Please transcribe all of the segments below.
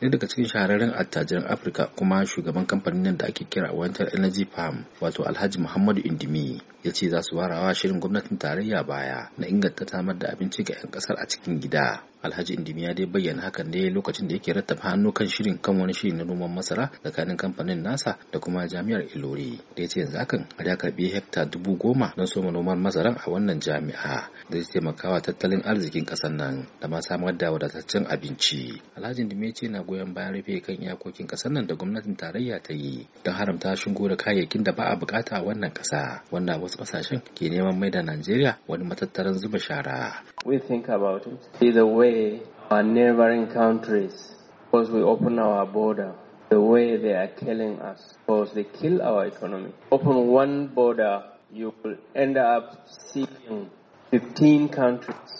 ɗaya daga cikin shahararren attajiran afirka kuma shugaban kamfanin nan da ake kira wantar energy farm wato alhaji muhammadu indimi ya ce za su warawa shirin gwamnatin tarayya baya na inganta samar da abinci ga 'yan kasar a cikin gida alhaji indimi ya dai bayyana hakan ne lokacin da yake rattaba hannu kan shirin kan wani shiri na noman masara tsakanin kamfanin nasa da kuma jami'ar ilori da ya ce yanzu hakan da karbi hekta dubu goma don soma noman masara a wannan jami'a da zai taimakawa tattalin arzikin ƙasar nan da ma samar da wadataccen abinci alhaji indimi ya ce na goyon bayan rufe kan iyakokin ƙasar nan da gwamnatin tarayya ta yi don haramta shigo da kayayyakin da ba a bukata a wannan ƙasa wanda wasu ƙasashen ke neman mai da najeriya wani matattaran zuba shara we think about it See way way our neighboring countries, because we open our border, the way they are killing us, because they kill our economy. Open one border, you will end up seeing 15 countries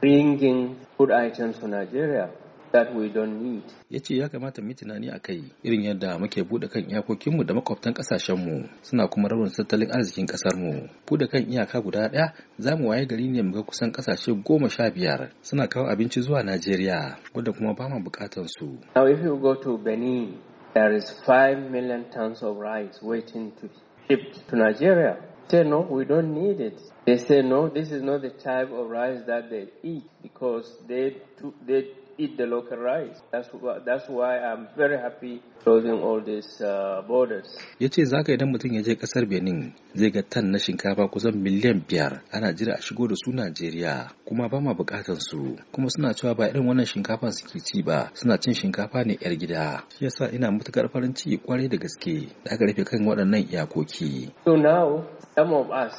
bringing food items to Nigeria. that we don't need. Ya ce ya kamata mu tunani a kai irin yadda muke buɗe kan iyakokinmu da makwabtan ƙasashenmu suna kuma rabin tattalin arzikin ƙasarmu. Buɗe kan iyaka guda ɗaya za mu waye gari ne mu ga kusan ƙasashe goma sha biyar suna kawo abinci zuwa Najeriya wanda kuma ba mu buƙatar su. Now if you go to Benin there is 5 million tons of rice waiting to be shipped to Nigeria. They say no, we don't need it. They say no, this is not the type of rice that they eat because they, they eat the local rice. That's, that's why I'm very happy closing all these uh, borders. Ya ce za ka idan mutum ya je kasar Benin zai ga tan na shinkafa kusan miliyan biyar ana jira a shigo da su Najeriya kuma ba ma bukatar su kuma suna cewa ba irin wannan shinkafa suke ci ba suna cin shinkafa ne yar gida. Shi yasa ina matukar farin ciki kwarai da gaske da aka rufe kan waɗannan iyakoki. So now some of us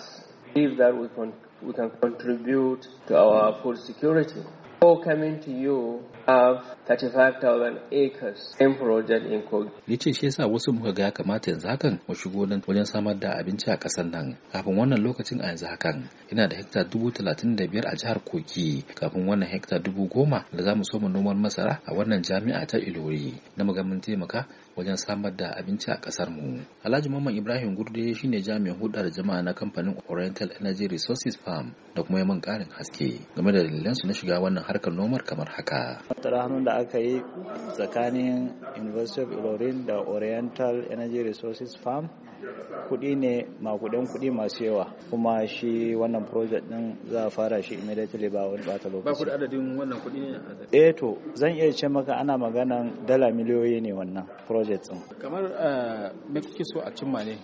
believe that we can, we can contribute to our food security. or coming to you of 35,000 acres in project in Kogi. Ya ce shi yasa wasu muka ga kamata yanzu hakan mu shigo nan wajen samar da abinci a ƙasar nan. Kafin wannan lokacin a yanzu hakan yana da hekta dubu talatin da biyar a jihar Kogi kafin wannan hekta dubu goma da za mu so mu noman masara a wannan jami'a ta Ilori na magamin taimaka wajen samar da abinci a ƙasar mu. Alhaji Mamman Ibrahim Gurde shi ne jami'in da jama'a na kamfanin Oriental Energy Resources Farm da kuma yaman ƙarin haske game da dalilansu na shiga wannan harkar nomar kamar haka. hannun da aka yi tsakanin University of Ilorin da Oriental Energy Resources Farm kuɗi ne makudan kuɗi masu yawa kuma shi wannan project din za a fara shi immediately ba wani bata lokaci. Ba kudi adadin wannan kudi ne? Eh to zan iya ce maka ana maganan dala miliyoyi ne wannan project din. Kamar eh, me kike so a cimma ne?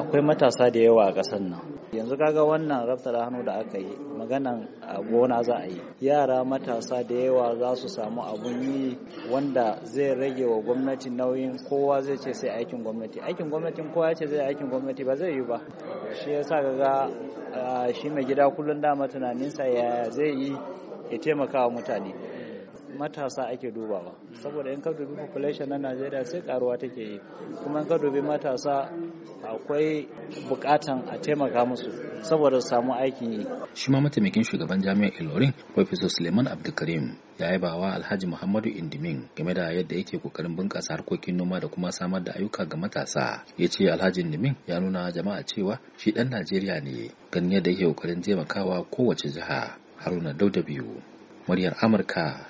Akwai matasa da yawa a ƙasar nan. Yanzu kaga wannan rabta da hannu da aka yi maganan gona za a yi. Yara matasa da yawa za su samu abun yi wanda zai rage wa gwamnati nauyin kowa zai ce sai aikin gwamnati aikin gwamnatin kowa ya ce zai aikin gwamnati ba zai yi ba shi yasa gaga ah, shi mai gida kullum dama tunaninsa ya zai yi ya taimaka wa mutane matasa ake dubawa saboda in ka dubi population na najeriya sai karuwa take yi kuma in ka dubi matasa akwai bukatan a taimaka musu saboda samu aikin yi shi ma mataimakin shugaban jami'ar ilorin professor suleiman abdulkarim ya yi bawa alhaji muhammadu indimin game da yadda yake kokarin bunkasa harkokin noma da kuma samar da ayyuka ga matasa ya ce alhaji indimin ya nuna jama'a cewa shi dan najeriya ne ganin yadda yake kokarin taimakawa kowace jiha haruna dauda biyu muryar amurka